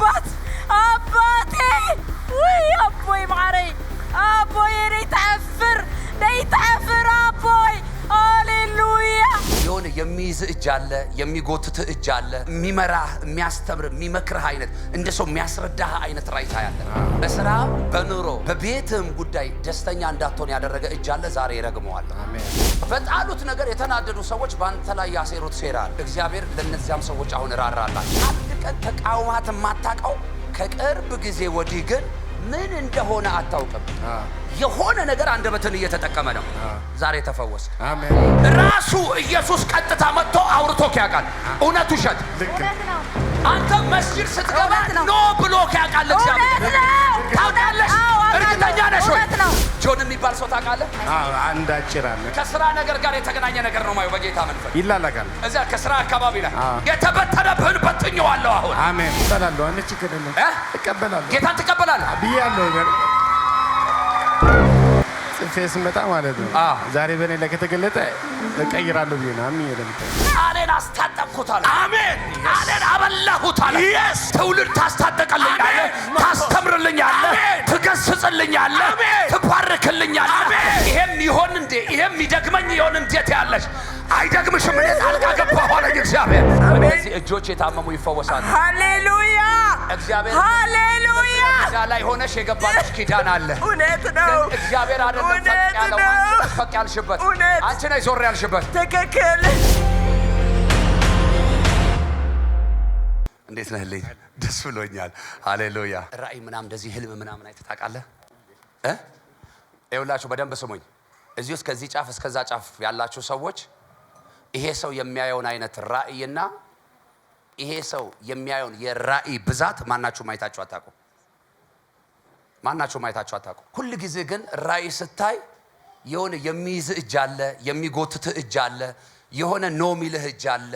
አባት አባቴ፣ ውይ አቦይ ማረኝ፣ አቦይ እኔ ተአፍር ነይ ተአፍር፣ አቦይ አሌሉያ። የሆነ የሚይዝ እጅ አለ፣ የሚጎትት እጅ አለ፣ የሚመራህ የሚያስተምር የሚመክርህ አይነት እንደ ሰው የሚያስረዳህ አይነት ራይታ ያለ በስራ በኑሮ በቤትህም ጉዳይ ደስተኛ እንዳትሆን ያደረገ እጅ አለ። ዛሬ ይረግመዋለሁ። በጣሉት ነገር የተናደዱ ሰዎች በአንተ ላይ ያሴሩት ሴራ እግዚአብሔር ለእነዚያም ሰዎች አሁን እራራላቸው። ቀን ተቃውማት የማታውቀው ከቅርብ ጊዜ ወዲህ ግን ምን እንደሆነ አታውቅም። የሆነ ነገር አንደበትን እየተጠቀመ ነው። ዛሬ ተፈወስ። ራሱ ኢየሱስ ቀጥታ መጥቶ አውርቶ ያውቃል። እውነት ውሸት? አንተ መስጂድ ስትገባ ኖ ብሎ ያውቃል። እግዚአብሔር ታውቃለሽ። እርግጠኛ ነሽ ወይ? ተላልሶ ታውቃለህ? አንድ አጭር አለ። ከስራ ነገር ጋር የተገናኘ ነገር ነው ማየው። በጌታ መንፈስ ይላላቃል። እዚያ ከስራ አካባቢ ላይ የተበተነብህን በትኜዋለሁ። አሁን አሜን። እቀበላለሁ። አንቺ ከደለ እቀበላለሁ። ጌታን ትቀበላለህ ብያለሁ። ነገር ጽፌ ስመጣ ማለት ነው ዛሬ በእኔ ላይ ከተገለጠ እቀይራለሁ ብዬ ነው። አሜን። ቃሌን አስታጠቅኩታል። አሜን። ቃሌን አበላሁታል። ትውልድ ታስታጠቀልኛለህ፣ ታስተምርልኛለህ፣ ትገስጽልኛለህ ያደረክልኛል። ይሄም ይሆን እንዴ? ይሄም ይደግመኝ ይሆን እንዴት ያለሽ አይደግምሽም። እኔ ጣልቃ ገባ ሆነኝ። እግዚአብሔር በእነዚህ እጆች የታመሙ ይፈወሳሉ። ሃሌሉያ እግዚአብሔር ሃሌሉያ። እዛ ላይ ሆነሽ የገባለሽ ኪዳን አለ። እውነት ነው። እግዚአብሔር አይደለም ፈቅ ያልሽበት አንቺ ነሽ ዞር ያልሽበት ትክክል። እንዴት ነህልኝ? ደስ ብሎኛል። ሃሌሉያ። ራእይ ምናምን እንደዚህ ህልም ምናምን አይተህ ታውቃለህ? ይኸውላችሁ በደንብ ስሙኝ። እዚሁ ውስጥ ጫፍ እስከዛ ጫፍ ያላችሁ ሰዎች ይሄ ሰው የሚያየውን አይነት ራእይና ይሄ ሰው የሚያየውን የራእይ ብዛት ማናችሁ ማየታችሁ አታውቁም። ማናችሁ ማየታችሁ አታውቁም። ሁል ጊዜ ግን ራእይ ስታይ የሆነ የሚይዝ እጅ አለ፣ የሚጎትት እጅ አለ፣ የሆነ ኖ ሚልህ እጅ አለ፣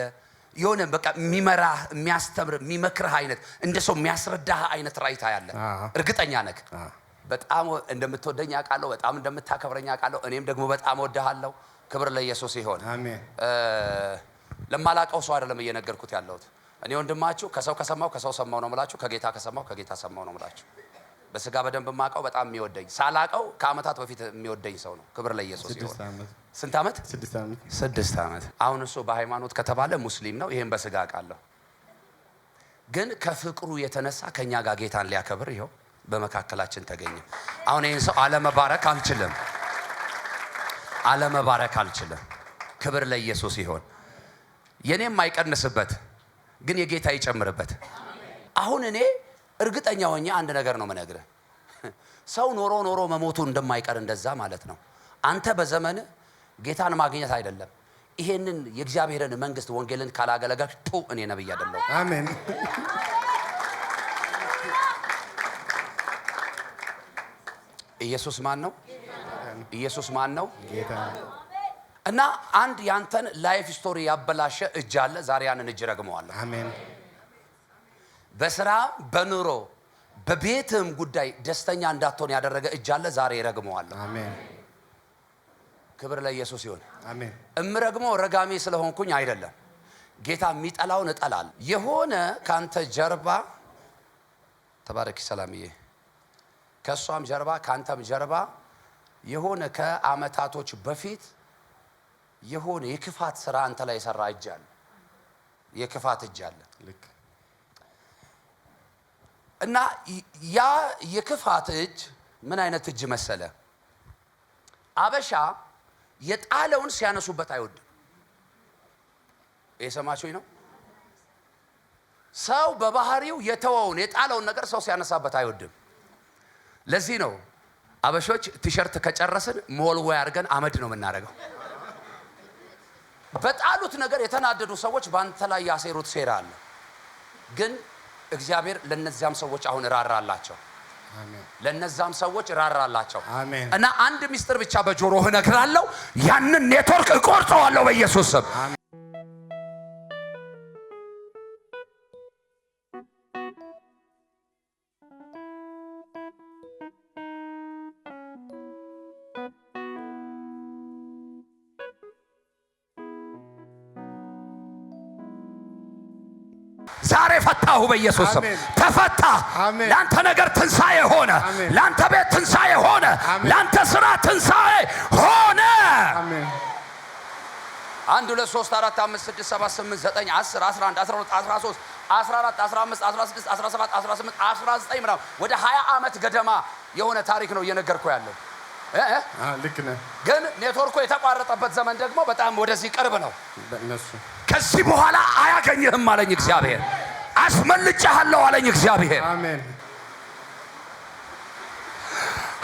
የሆነ በቃ የሚመራህ የሚያስተምር የሚመክርህ አይነት እንደ ሰው የሚያስረዳህ አይነት ራእይ ታያለህ። እርግጠኛ ነህ። በጣም እንደምትወደኝ አውቃለሁ። በጣም እንደምታከብረኝ አውቃለሁ። እኔም ደግሞ በጣም ወድሃለሁ። ክብር ለኢየሱስ ይሆን። ለማላቀው ሰው አይደለም እየነገርኩት ያለሁት። እኔ ወንድማችሁ ከሰው ከሰማው ከሰው ሰማው ነው ምላችሁ፣ ከጌታ ከሰማው ከጌታ ሰማው ነው ምላችሁ። በስጋ በደንብ ማቀው በጣም የሚወደኝ ሳላቀው ከአመታት በፊት የሚወደኝ ሰው ነው። ክብር ለኢየሱስ ይሆን። ስንት ዓመት? ስድስት ዓመት። አሁን እሱ በሃይማኖት ከተባለ ሙስሊም ነው። ይሄን በስጋ አውቃለሁ። ግን ከፍቅሩ የተነሳ ከእኛ ጋር ጌታን ሊያከብር ይኸው በመካከላችን ተገኘ። አሁን ይህን ሰው አለመባረክ አልችልም፣ አለመባረክ አልችልም። ክብር ለኢየሱስ ይሆን። የኔም አይቀንስበት፣ ግን የጌታ ይጨምርበት። አሁን እኔ እርግጠኛ ሆኜ አንድ ነገር ነው የምነግርህ፣ ሰው ኖሮ ኖሮ መሞቱ እንደማይቀር እንደዛ ማለት ነው። አንተ በዘመን ጌታን ማግኘት አይደለም ይሄንን የእግዚአብሔርን መንግስት ወንጌልን ካላገለገልክ እኔ ነብይ አይደለሁ። አሜን። ኢየሱስ ማን ነው? ኢየሱስ ማን ነው? እና አንድ ያንተን ላይፍ ስቶሪ ያበላሸ እጅ አለ። ዛሬ ያንን እጅ ረግመዋለሁ። አሜን። በስራ በኑሮ በቤትም ጉዳይ ደስተኛ እንዳትሆን ያደረገ እጅ አለ። ዛሬ ረግመዋለሁ። አሜን። ክብር ለኢየሱስ ይሁን። አሜን። እምረግመው ረጋሜ ስለሆንኩኝ አይደለም። ጌታ የሚጠላውን እጠላል። የሆነ ካንተ ጀርባ ተባረኪ ሰላምዬ ከእሷም ጀርባ ከአንተም ጀርባ የሆነ ከአመታቶች በፊት የሆነ የክፋት ስራ አንተ ላይ የሰራ እጅ አለ። የክፋት እጅ አለ እና ያ የክፋት እጅ ምን አይነት እጅ መሰለ? አበሻ የጣለውን ሲያነሱበት አይወድም። የሰማችሁኝ ነው። ሰው በባህሪው የተወውን የጣለውን ነገር ሰው ሲያነሳበት አይወድም። ለዚህ ነው አበሾች ቲሸርት ከጨረስን መወልወያ አድርገን አመድ ነው የምናደርገው። በጣሉት ነገር የተናደዱ ሰዎች በአንተ ላይ ያሴሩት ሴራ አለ። ግን እግዚአብሔር ለነዚያም ሰዎች አሁን እራራላቸው፣ ለነዛም ሰዎች እራራላቸው እና አንድ ሚስጥር ብቻ በጆሮህ እነግራለሁ፣ ያንን ኔትወርክ እቆርጠዋለሁ በኢየሱስ ስም። ተፈታሁ በኢየሱስ ስም ተፈታ። ለአንተ ነገር ትንሣኤ ሆነ። ለአንተ ቤት ትንሣኤ ሆነ። ለአንተ ስራ ትንሣኤ ሆነ። አንድ ሁለት ሶስት አራት አምስት ስድስት ሰባት ስምንት ዘጠኝ አስር አስራ አንድ አስራ ሁለት አስራ ሶስት አስራ አራት አስራ አምስት አስራ ስድስት አስራ ሰባት አስራ ስምንት አስራ ዘጠኝ ምናምን ወደ ሀያ ዓመት ገደማ የሆነ ታሪክ ነው እየነገርኩ ያለው። ልክ ነህ። ግን ኔትወርኩ የተቋረጠበት ዘመን ደግሞ በጣም ወደዚህ ቅርብ ነው። ከዚህ በኋላ አያገኝህም አለኝ እግዚአብሔር። አስመልጨሃለሁ አለኝ እግዚአብሔር።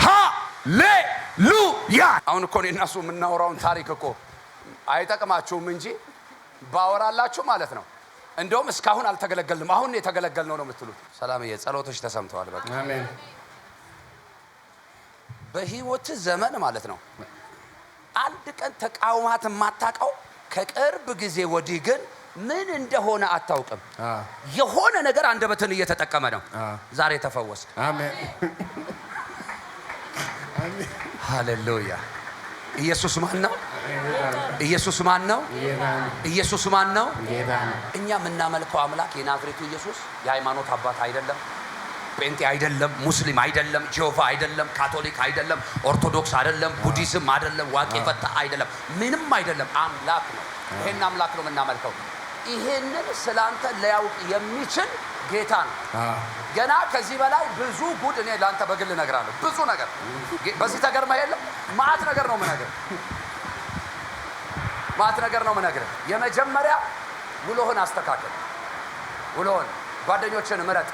ሃሌሉያ። አሁን እኮ እኔ እና የምናወራውን ታሪክ እኮ አይጠቅማችሁም እንጂ ባወራላችሁ ማለት ነው። እንደውም እስካሁን አልተገለገልንም፣ አሁን የተገለገል ነው የምትሉት። ሰላምዬ ጸሎቶች ተሰምተዋል። በቃ በህይወት ዘመን ማለት ነው አንድ ቀን ተቃውማት የማታውቀው ከቅርብ ጊዜ ወዲህ ግን ምን እንደሆነ አታውቅም። የሆነ ነገር አንደበትን እየተጠቀመ ነው። ዛሬ ተፈወስ። ሃሌሉያ። ኢየሱስ ማን ነው? ኢየሱስ ማን ነው? ኢየሱስ ማን ነው? እኛ የምናመልከው አምላክ የናዝሬቱ ኢየሱስ የሃይማኖት አባት አይደለም። ጴንጤ አይደለም፣ ሙስሊም አይደለም፣ ጆቫ አይደለም፣ ካቶሊክ አይደለም፣ ኦርቶዶክስ አይደለም፣ ቡዲዝም አይደለም፣ ዋቄ ፈታ አይደለም፣ ምንም አይደለም። አምላክ ነው። ይሄን አምላክ ነው የምናመልከው። ይሄንን ስላንተ ሊያውቅ የሚችል ጌታ ነው። ገና ከዚህ በላይ ብዙ ጉድ እኔ ለአንተ በግል እነግርሃለሁ። ብዙ ነገር በዚህ ተገርማ የለም። ማት ነገር ነው ምነግር ማት ነገር ነው ምነግር። የመጀመሪያ ውሎህን አስተካከል። ውሎህን ጓደኞችን ምረጥ።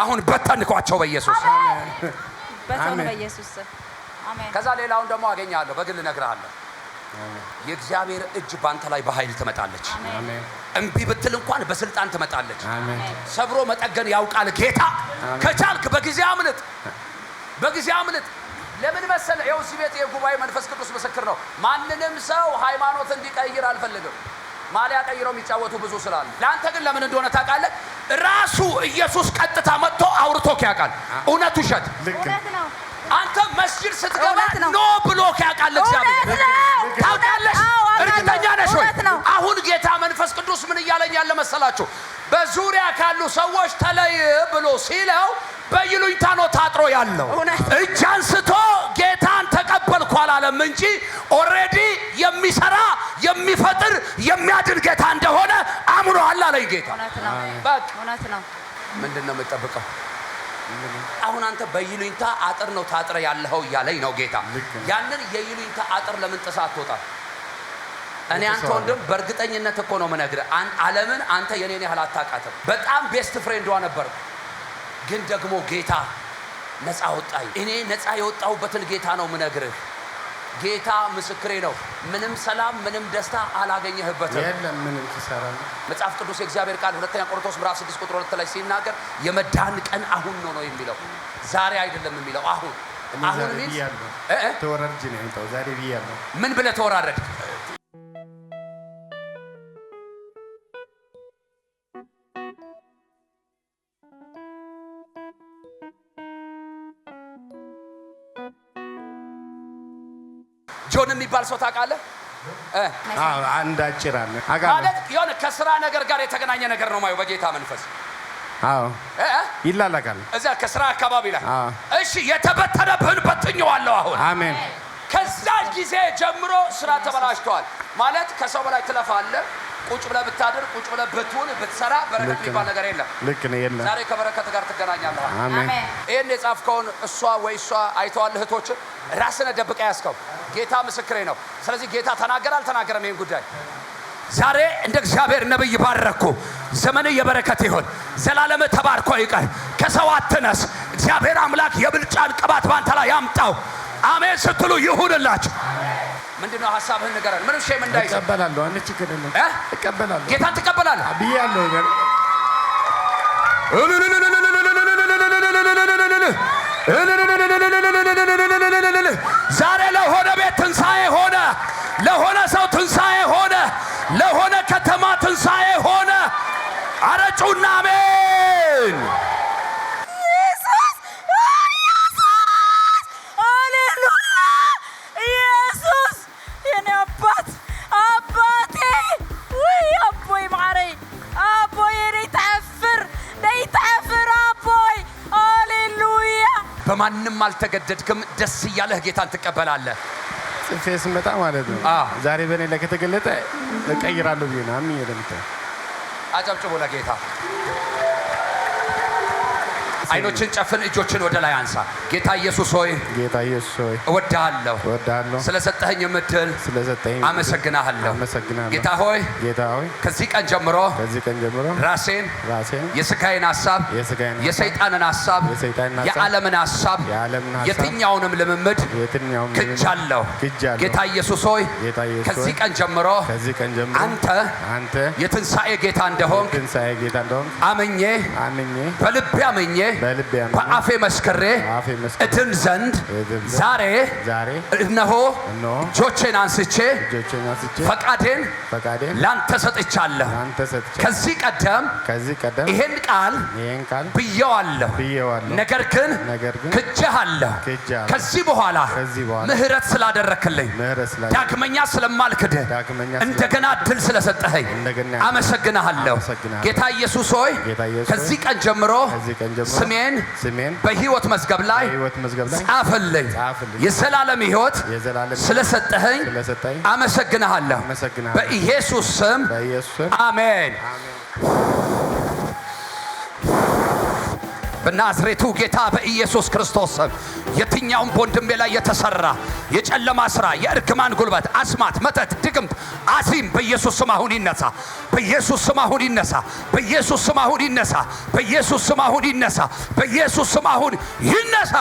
አሁን በተንኳቸው በኢየሱስ በኢየሱስ። ከዛ ሌላውን ደግሞ አገኘሃለሁ፣ በግል እነግርሃለሁ። የእግዚአብሔር እጅ ባንተ ላይ በኃይል ትመጣለች። እምቢ ብትል እንኳን በስልጣን ትመጣለች። ሰብሮ መጠገን ያውቃል ጌታ። ከቻልክ በጊዜ አምልጥ፣ በጊዜ አምልጥ። ለምን መሰለ? ይኸው እዚህ ቤት የጉባኤ መንፈስ ቅዱስ ምስክር ነው። ማንንም ሰው ሃይማኖት እንዲቀይር አልፈልግም። ማሊያ ቀይረው የሚጫወቱ ብዙ ስላሉ፣ ለአንተ ግን ለምን እንደሆነ ታውቃለህ? ራሱ ኢየሱስ ቀጥታ መጥቶ አውርቶክ ያውቃል። እውነቱ ውሸት አንተ መስጅድ ስትገባ ኖ ካሉ ሰዎች ተለይ ብሎ ሲለው በይሉኝታ ነው ታጥሮ ያለው። እጅ አንስቶ ጌታን ተቀበልኩ አላለም እንጂ ኦልሬዲ የሚሰራ የሚፈጥር የሚያድን ጌታ እንደሆነ አምኖሃል አለኝ ጌታ። ምንድን ነው የምጠብቀው? አሁን አንተ በይሉኝታ አጥር ነው ታጥረ ያለኸው እያለኝ ነው ጌታ። ያንን የይሉኝታ አጥር ለምን ጥሳ አትወጣል? እኔ አንተ ወንድም በእርግጠኝነት እኮ ነው የምነግርህ፣ ዓለምን አንተ የኔን ያህል አታውቃትም። በጣም ቤስት ፍሬንዷ ነበር፣ ግን ደግሞ ጌታ ነፃ ወጣኝ። እኔ ነፃ የወጣሁበትን ጌታ ነው የምነግርህ። ጌታ ምስክሬ ነው። ምንም ሰላም ምንም ደስታ አላገኘህበትም። የለም ምንም ትሰራ። መጽሐፍ ቅዱስ የእግዚአብሔር ቃል ሁለተኛ ቆሮንቶስ ምዕራፍ 6 ቁጥር 2 ላይ ሲናገር የመዳን ቀን አሁን ነው ነው የሚለው ዛሬ አይደለም የሚለው አሁን አሁን ምን ብለህ ተወራረድክ? ጆን የሚባል ሰው ታውቃለህ? አንድ አጭር አለ ማለት የሆነ ከስራ ነገር ጋር የተገናኘ ነገር ነው ማየው በጌታ መንፈስ ይላላቃል እዚያ ከስራ አካባቢ ላይ እሺ፣ የተበተነብህን በትኜዋለሁ። አሁን አሜን። ከዛ ጊዜ ጀምሮ ስራ ተበላሽተዋል ማለት ከሰው በላይ ትለፋለህ። ቁጭ ብለህ ብታድር፣ ቁጭ ብለህ ብትውል፣ ብትሰራ በረከት የሚባል ነገር የለም። ልክ ነው፣ የለም። ዛሬ ከበረከት ጋር ትገናኛለህ። አሜን። ይህን የጻፍከውን እሷ ወይ እሷ አይተዋል። እህቶችን ራስነ ደብቀ ያስከው ጌታ ምስክሬ ነው። ስለዚህ ጌታ ተናገረ አልተናገረም? ይህን ጉዳይ ዛሬ እንደ እግዚአብሔር ነብይ ባረኩ። ዘመን የበረከት ይሁን። ዘላለም ተባርኮ ይቀር። ከሰው አትነስ። እግዚአብሔር አምላክ የብልጫን ቅባት ባንተ ላይ ያምጣው። አሜን ስትሉ ይሁንላችሁ። ምንድን ነው ሀሳብህን ንገረን። ምንም ሼም እንዳይዘ እቀበላለሁ። አንድ ችግር የለም እቀበላለሁ። ጌታን ትቀበላለህ ብያለሁ። ዛሬ ለሆነ ቤት ትንሣኤ ሆነ፣ ለሆነ ሰው ትንሣኤ ሆነ፣ ለሆነ ከተማ ትንሣኤ ሆነ። አረጩና አሜን በማንም አልተገደድክም። ደስ እያለህ ጌታን ትቀበላለህ። ጽንፌ ስመጣ ማለት ነው ዛሬ በእኔ ላይ ከተገለጠ እቀይራለሁ ብዬ ነው አምኜ አጨብጭቦ ለጌታ አይኖችን ጨፍን፣ እጆችን ወደ ላይ አንሳ። ጌታ ኢየሱስ ሆይ ጌታ ኢየሱስ ሆይ እወድሃለሁ፣ እወድሃለሁ ስለሰጠኸኝ ምድል ስለሰጠኸኝ አመሰግናለሁ። ጌታ ሆይ ጌታ ሆይ ከዚህ ቀን ጀምሮ ከዚህ ቀን ጀምሮ ራሴን ራሴን የስጋዬን ሐሳብ የስጋዬን የሰይጣንን ሐሳብ የሰይጣንን ሐሳብ የዓለምን ሐሳብ የዓለምን ሐሳብ የትኛውንም ልምምድ የትኛውንም ክጃለሁ፣ ክጃለሁ። ጌታ ኢየሱስ ሆይ ጌታ ኢየሱስ ከዚህ ቀን ጀምሮ ከዚህ ቀን ጀምሮ አንተ አንተ የትንሣኤ ጌታ እንደሆንክ የትንሣኤ ጌታ እንደሆንክ አምኜ አምኜ በልቤ አምኜ በአፌ መስክሬ እድን ዘንድ ዛሬ እነሆ እጆቼን አንስቼ ፈቃዴን ላንተ ሰጥቻለሁ። ከዚህ ቀደም ይሄን ቃል ብየዋለሁ፣ ነገር ግን ክጄሃለሁ። ከዚህ በኋላ ምሕረት ስላደረክልኝ ዳግመኛ ስለማልክድ እንደገና ድል ስለሰጠኸኝ አመሰግናሃለሁ። ጌታ ኢየሱስ ሆይ ከዚህ ቀን ጀምሮ ስሜን በህይወት መዝገብ ላይ ጻፍልኝ። የዘላለም ሕይወት ስለሰጠኸኝ አመሰግንሃለሁ። በኢየሱስ ስም አሜን። በናዝሬቱ ጌታ በኢየሱስ ክርስቶስ የትኛውም በወንድሜ ላይ የተሰራ የጨለማ ስራ፣ የእርግማን ጉልበት፣ አስማት፣ መተት፣ ድግምት፣ አዚም በኢየሱስ ስም አሁን ይነሳ። በኢየሱስ ስም አሁን ይነሳ። በኢየሱስ ስም አሁን ይነሳ። በኢየሱስ ስም አሁን ይነሳ። በኢየሱስ ስም አሁን ይነሳ።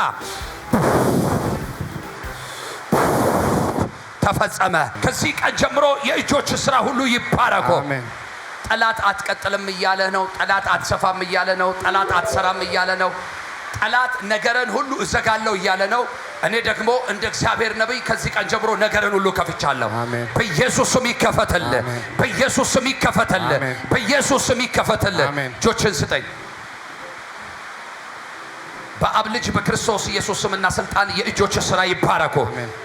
ተፈጸመ። ከዚህ ቀን ጀምሮ የእጆች ስራ ሁሉ ይባረኮ። ጠላት አትቀጥልም እያለ ነው። ጠላት አትሰፋም እያለ ነው። ጠላት አትሰራም እያለ ነው። ጠላት ነገርን ሁሉ እዘጋለሁ እያለ ነው። እኔ ደግሞ እንደ እግዚአብሔር ነቢይ ከዚህ ቀን ጀምሮ ነገርን ሁሉ ከፍቻለሁ። በኢየሱስም ይከፈትልህ፣ በኢየሱስም ይከፈትልህ፣ በኢየሱስም ይከፈትልህ። እጆችን ስጠኝ። በአብ ልጅ በክርስቶስ ኢየሱስ ስምና ስልጣን የእጆች ስራ ይባረኩ።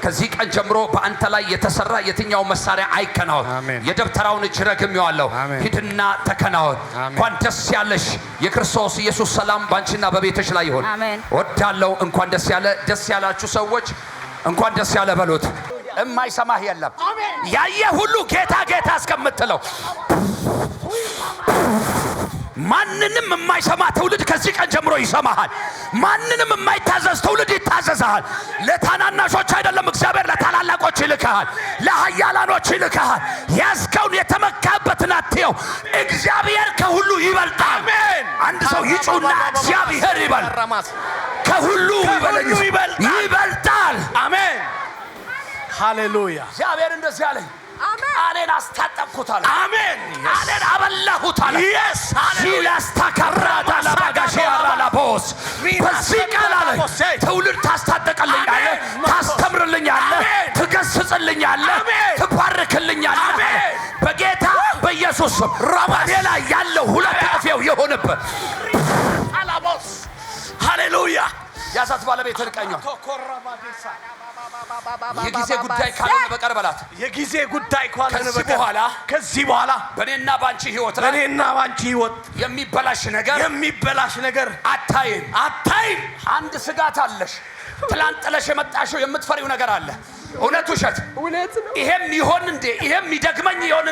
ከዚህ ቀን ጀምሮ በአንተ ላይ የተሰራ የትኛው መሳሪያ አይከናወን። የደብተራውን እጅ ረግሜዋለሁ። ሂድና ተከናወን። እንኳን ደስ ያለሽ። የክርስቶስ ኢየሱስ ሰላም ባንቺና በቤትሽ ላይ ይሁን። ወዳለው እንኳን ደስ ያለ። ደስ ያላችሁ ሰዎች እንኳን ደስ ያለ በሉት። እማይሰማህ የለም። ያየ ሁሉ ጌታ ጌታ እስከምትለው ማንንም የማይሰማ ትውልድ ከዚህ ቀን ጀምሮ ይሰማሃል። ማንንም የማይታዘዝ ትውልድ ይታዘዝሃል። ለታናናሾች አይደለም እግዚአብሔር ለታላላቆች ይልክሃል፣ ለሀያላኖች ይልክሃል። ያዝከውን የተመካበትን አትየው። እግዚአብሔር ከሁሉ ይበልጣል። አንድ ሰው ይጩና እግዚአብሔር ይበል ከሁሉ ይበልጣል። አሜን ሃሌሉያ። እግዚአብሔር እንደዚህ አለኝ አኔን አስታጠቅኩታል። አሜን አኔን አበላሁታል። ላስታካራዳላጋሼራላቦስ በዚህ ቃል አለ ትውልድ ታስታጠቀልኛለህ፣ ታስተምርልኛለህ፣ ትገስጽልኛለህ፣ ትባርክልኛለህ በጌታ በኢየሱስ ስም ራባኔላ ያለው ሁለት አፌው የሆነበት አላቦስ ሃሌሉያ ያዛት ባለቤት ልቀኛል የጊዜ ጉዳይ ካልሆነ በቀር በላት። የጊዜ ጉዳይ ካልሆነ በቀር በኋላ ከዚህ በኋላ ባንቺ ህይወት ላይ ባንቺ ህይወት የሚበላሽ ነገር የሚበላሽ ነገር አታይም አታይም። አንድ ስጋት አለሽ። ትላንት ጥለሽ የመጣሽው የምትፈሪው ነገር አለ። እውነት ውሸት? ይሄም ይሆን እንዴ? ይሄም ይደግመኝ ይሆን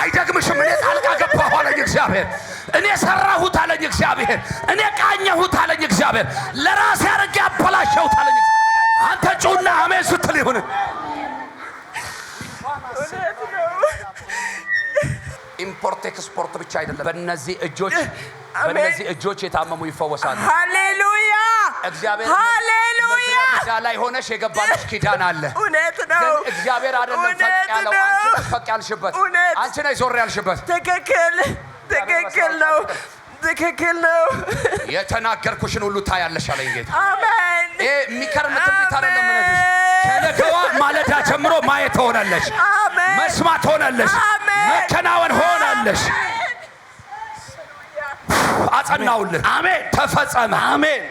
አይደግምሽም። እኔ ጣልቃ ገባሁ አለኝ እግዚአብሔር። እኔ ሰራሁት አለኝ እግዚአብሔር። እኔ ቃኘሁት አለኝ እግዚአብሔር። ለራሴ አድርጌ አበላሸሁት አለኝ አንተ ጩና አሜን ስትል ይሁን። ኢምፖርት ኤክስፖርት ብቻ አይደለም። በእነዚህ እጆች በእነዚህ እጆች የታመሙ ይፈወሳሉ። ሃሌሉያ እግዚአብሔር ሃሌሉያ። እዛ ላይ ሆነሽ የገባለሽ ኪዳን አለ። እውነት ነው። እግዚአብሔር አይደለም ፈቅ ያለው አንቺ ፈቅ ያልሽበት አንቺ ነሽ ዞር ያልሽበት። ትክክል ትክክል ነው። ትክክል ነው። የተናገርኩሽን ሁሉ ታያለሽ አለኝ ጌታ። አሜን። ይሄ የሚከርም ከነገዋ ማለዳ ጀምሮ ማየት ሆነለሽ፣ መስማት ሆነለሽ፣ መከናወን ሆነለሽ። አጸናውልን። አሜን። ተፈጸመ። አሜን።